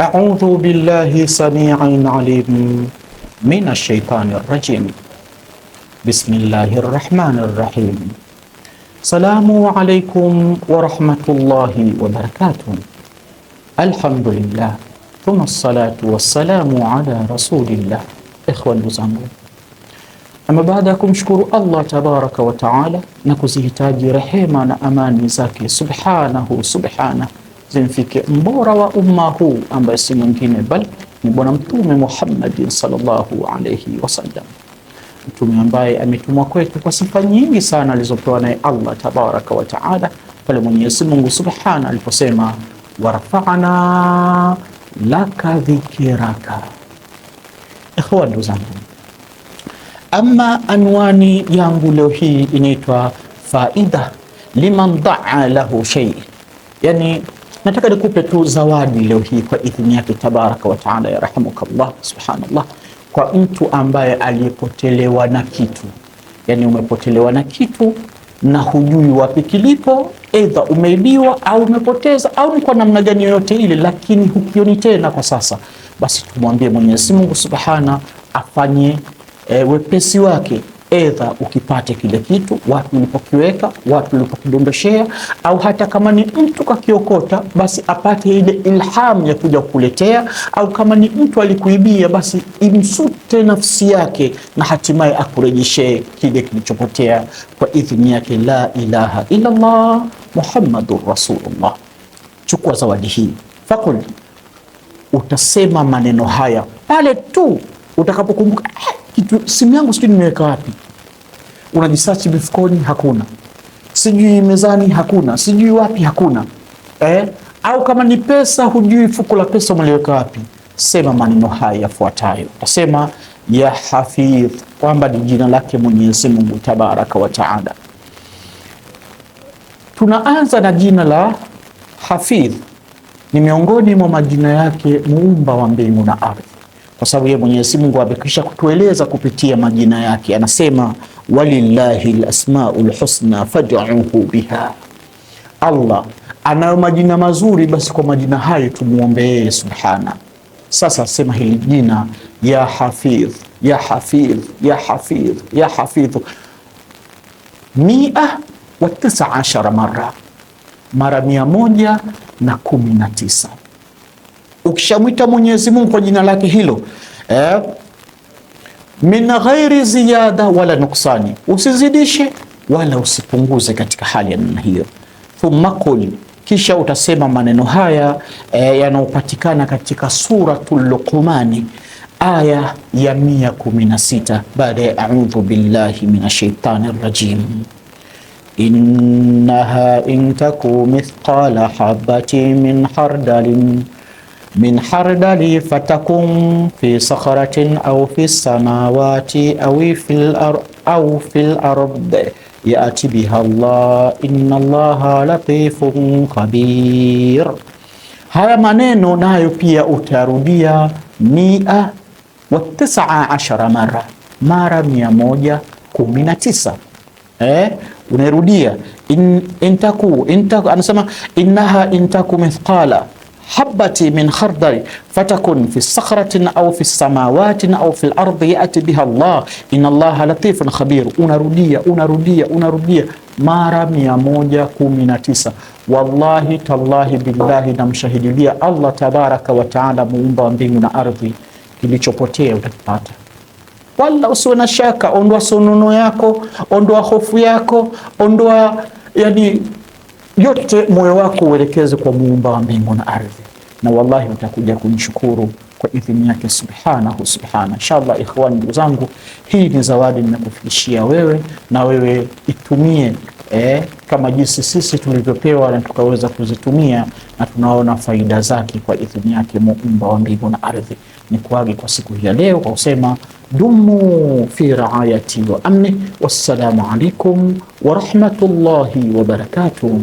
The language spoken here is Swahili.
أعوذ بالله سميع عليم من الشيطان الرجيم بسم الله الرحمن الرحيم السلام عليكم ورحمة الله وبركاته الحمد لله ثم الصلاة والسلام على رسول الله إخوة المزامون أما baada ya kumshukuru Allah tabaraka wa taala na kuzihitaji rehema na amani zake subhanahu subhana zimfikie mbora wa umma huu ambaye si mwingine bali ni Bwana Mtume Muhammadin sallallahu alayhi wasallam. mtume ambaye ametumwa kwetu kwa sifa nyingi sana alizopewa naye Allah tabaraka wa taala pale Mwenyezi Mungu subhana aliposema warafana laka dhikiraka. Ikhwan, ndugu zangu, ama anwani yangu leo hii inaitwa faida liman daa lahu shay, yani Nataka nikupe tu zawadi leo hii kwa idhini yake tabaraka wa taala, yarhamukallah, subhanallah, kwa mtu ambaye aliyepotelewa na kitu. Yani umepotelewa na kitu na hujui wapi kilipo, aidha umeibiwa au umepoteza au ni kwa namna gani yoyote ile, lakini hukioni tena kwa sasa, basi tumwambie Mwenyezi Mungu subhana afanye e, wepesi wake edha ukipate kile kitu watu ulipokiweka, watu ulipokidondoshea, au hata kama ni mtu kakiokota, basi apate ile ilham ya kuja kukuletea, au kama ni mtu alikuibia, basi imsute nafsi yake na hatimaye akurejeshee kile kilichopotea kwa idhini yake. La ilaha illa Allah Muhammadur Rasulullah. Chukua zawadi hii, fakul, utasema maneno haya pale tu utakapokumbuka, ah, kitu simu yangu sijui nimeweka wapi unajisachi mifukoni, hakuna sijui mezani, hakuna sijui wapi, hakuna eh? Au kama ni pesa, hujui fuko la pesa umeliweka wapi? Sema maneno haya yafuatayo, utasema ya Hafidh, kwamba ni jina lake Mwenyezi Mungu Tabaraka wa Taala. Tunaanza na jina la Hafidh, ni miongoni mwa majina yake muumba wa mbingu na ardhi, kwa sababu yeye Mwenyezi Mungu amekwisha kutueleza kupitia majina yake, anasema walillahi lasmaul husna fad'uhu biha, Allah anayo majina mazuri, basi kwa majina hayo tumuombe yeye subhana. Sasa sema hili jina ya hafidh ya hafidh ya hafidh ya hafidh mia wa tisa ashara mara mara mia moja na kumi na tisa. Ukishamwita Mwenyezi Mungu kwa jina lake hilo eh? min ghairi ziyada wala nuksani, usizidishe wala usipunguze katika hali ya namna hiyo. Thumma qul, kisha utasema maneno haya e, yanayopatikana katika Suratul Luqmani aya ya 116 baada ya a'udhu billahi minash rajim innaha in taku mithqala habatin min hardalin min hardali fatakun fi sakharatin au fi samawati au fil ard yati biha Allah inna Allaha latifun khabir. Haya maneno nayo pia utarudia mia wa tisaa ashara mara mara mia moja kumi na tisa. Eh, unarudia in, intaku, intaku anasema innaha intaku mithqala habati min khardal fatakun fi sakhratin au fi samawatin au fi lardi yati biha Allah inna Allah latifun khabir. Unarudia, unarudia, unarudia mara 119. Wallahi tallahi billahi, namshahidilia Allah tabaraka wa taala, muumba wa mbingu na ardhi, kilichopotea utakipata wala usiwe na shaka. Ondoa sununu yako, ondoa hofu yako, ondoa yani yote moyo wako uelekeze kwa muumba wa mbingu na ardhi, na wallahi utakuja kunishukuru kwa idhini yake subhanahu subhana. Inshallah, ikhwani, ndugu zangu, hii ni zawadi ninakufikishia wewe, na wewe itumie eh, kama jinsi sisi tulivyopewa na tukaweza kuzitumia na tunaona faida zake kwa idhini yake muumba wa mbingu na ardhi. Ni kuage kwa siku hii ya leo kwa kusema dumu fi raayati wa amni. Wassalamu alaikum wa rahmatullahi wa barakatuh.